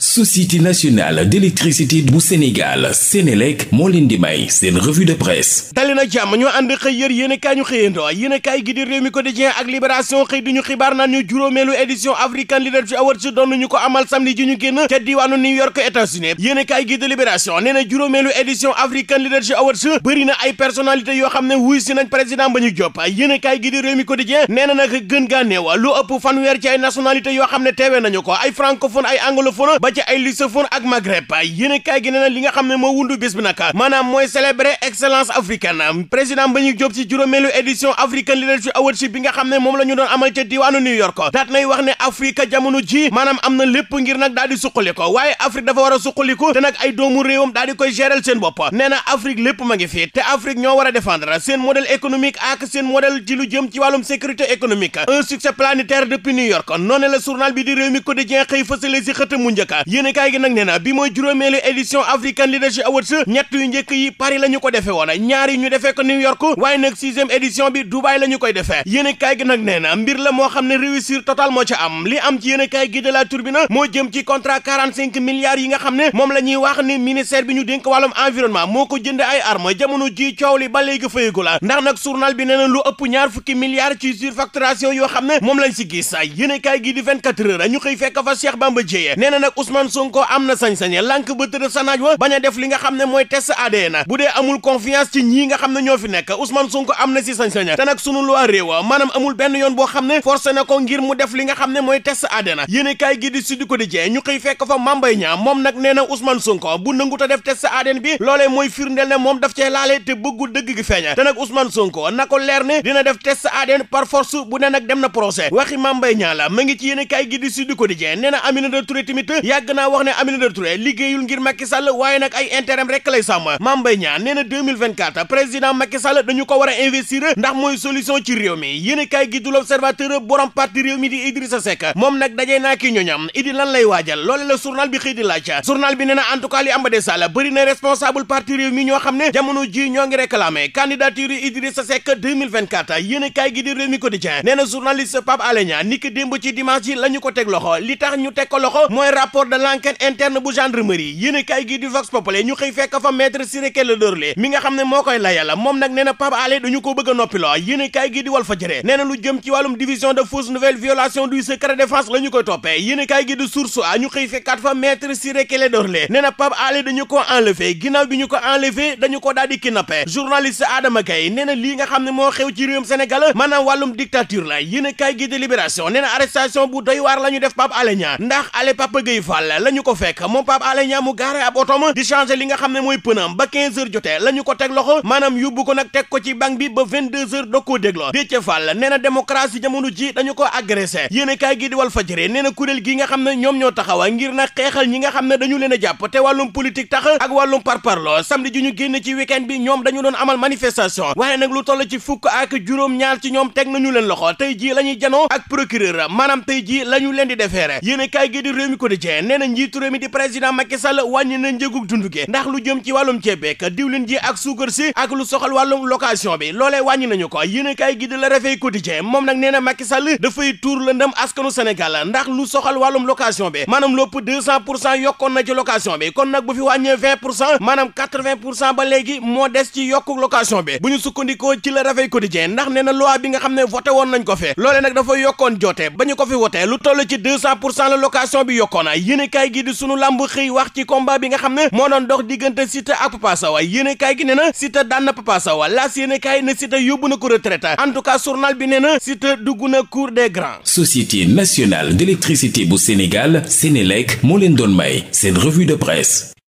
société nationale d'électricité bu Sénégal Sénélec moo leen di may seen revue de presse dali na jàmm ñoo ànd xëy yër yéen i ñu xëyandoo yéen i kaay gi di Rewmi Quotidien ak Libération xëy du xibaar naan ñu juróomeelu édition African Leadership Awards doon ñu ko amal samedi ji ñu génn ca diwaanu New York États-Unis yéen i kaay gi juróomeelu édition African Leadership Awards bëri na ay personnalité yoo xam ne wuy si ba ñu Diop yéen i kaay gi di Rewmi nee na gën gaa néew lu yoo xam ne teewee nañu ko ay francophone ay anglophone ba ci ay lusophone ak maghreb yéen kaay gi nee na li nga xam ne moo wundu bés bi nag maanaam mooy célébrer excellence africaine président ba jóob ci juróomeelu édition African Leadership Awardship bi nga xam ne moom la ñu doon amal ca diwaanu New York nay wax ne Afrique jamono ji maanaam am na lépp ngir nag daal di suqaliko waaye Afrique dafa war a suqaliko te nag ay doomu réewam daal di koy seen bopp nee na Afrique lépp ma ngi fii te Afrique ñoo war a défendre seen modèle économique ak seen yéen kaay gi nag nee na bi mooy juróomeelu édition African Leadership Awards ñett yu njëkk yi Paris la ko defee woon ñaari yi ñu defee ko New York waaye nag sixième édition bi Dubaï la ñu koy defee yéen kaay gi nag nee na mbir la moo xam ne réussir total moo ca am li am ci yéen kaay gi de la na moo jëm ci contrat 45 milliards yi nga xam ne moom la ñuy wax ni ministère bi ñu dénk wàllum environnement moo ko jënd ay armes jamono ji coow li ba léegi fayagu la ndax ëpp ñaar fukki milliards ci surfacturation yoo xam ne moom lañ kaay gi di ñu xëy fekk fa Cheikh Bamba Dièye nee na Ousmane Sonko am na sañ-sañe lànk ba tëdd sa naaj wa bañ a def li nga xam ne mooy tes ADN bu dee amul confiance ci ñii nga xam ne ñoo fi nekk Ousmane Sonko am na si sañ-sañe te nag sunu loi réew maanaam amul benn yoon boo xam ne forcé na ko ngir mu def li nga xam ne mooy test ADN yéene kaay gi di Sud Quotidien ñu xëy fekk fa Mambay Niang moom nag nee na Ousmane Sonko bu nangu ta def test ADN bi loolee mooy firndeel ne moom daf cee laale te bëggul dëgg gi feeña te nag Ousmane Sonko na leer ne dina def test ADN par force bu ne nag dem na procès waxi Mambay Niang la ma ngi ci yéene kaay gi di Sud Quotidien nee na Aminata Touré tamit yàgg liggéeyul ngir Macky waaye nag ay intérêt rek lay sàmm Mame Mbaye président Macky dañu ko war a ndax mooy solution ci réew mi yéen kaay gi du l'Observateur borom parti réew mi di Idrissa Seck moom nag dajee naa ki ñoñam idi lan lay waajal loole la journal bi xëy di laaj journal bi nee na en tout cas responsable parti réew mi ñoo xam ne jamono ji ñoo ngi réclamé candidature Idrissa Seck 2024 yéen kaay gi di rapport de interne bu gendarmerie yéen kay gi di Vox Populi ñu xëy fekk fa maître Ciré Clédor Ly mi nga xam ne moo koy layal moom nag nee na Pape dañu ko bëgg a noppiloo yéen kay gi di Walf Fadjri nee na lu jëm ci wàllum division de fausse nouvelle violation du secret défense la ñu koy toppee yéen kay gi di Source A ñu xëy fekkaat fa maître Ciré Clédor Ly nee na Pape Alé dañu ko enlevé ginnaaw bi ñu ko enlevé dañu ko daal di kidnappé journaliste Fall la ñu ko fekk moom Pape Alé Niang mu gaare ab otom di changer li nga xam ne mooy pënam ba 15 heures jotee la ko teg loxo maanaam yóbbu ko nag teg ko ci banque bi ba 22 heures doo ko dégloo Déthié Fall nee na démocratie jamono ji dañu ko agressé yéen a kaay gi di nee na kuréel gi nga xam ne ñoom ñoo taxawa ngir nag xeexal ñi nga xam ne dañu leen a jàpp te wàllum politique tax ak wàllum parparloo samedi ji ñu génn ci week-end bi ñoom dañu doon amal manifestation waaye nag lu toll ci fukk ak juróom ñaar ñoom teg nañu leen loxo tey ji la ñuy janoo ak procureur maanaam tey ji la leen di defeere yéen a kaay Quotidien nee na njiitu mi di président Macky Sall wàññi na njëgug dund gi ndax lu jëm ci wàllum ceeb beek diwlin ji ak suukar si ak lu soxal wàllum location bi loolee wàññi nañu ko yéen a kaay gi di la refey Quotidien moom nag nee na Macky Sall dafay tuur lëndëm askanu Sénégal ndax lu soxal wàllum location bi maanaam lopp deux cent pour cent na ci location bi kon bu fi wàññee vingt pour cent maanaam quatre vingt pour cent ba léegi moo des ci yokku location bi bu ñu sukkandikoo ci la refey Quotidien ndax nee na loi bi nga xam ne voté woon nañ ko fee loolee nag dafa yokkoon joote ko fi wote lu toll ci deux cent pour cent la yéenekaay gi di sunu làmb xëy wax ci combat bi nga xam ne moo doon dox diggante si Siteu ak Papa Sow yéenekaay gi ne na Siteu daan na Papa Sow laas yéenekaay na Siteu yóbbu na ko retraite en tout cas journal bi nee na Siteu dugg na cour des grands. Société nationale d'électricité bu Sénégal Sénélec moo leen doon may seen revue de presse.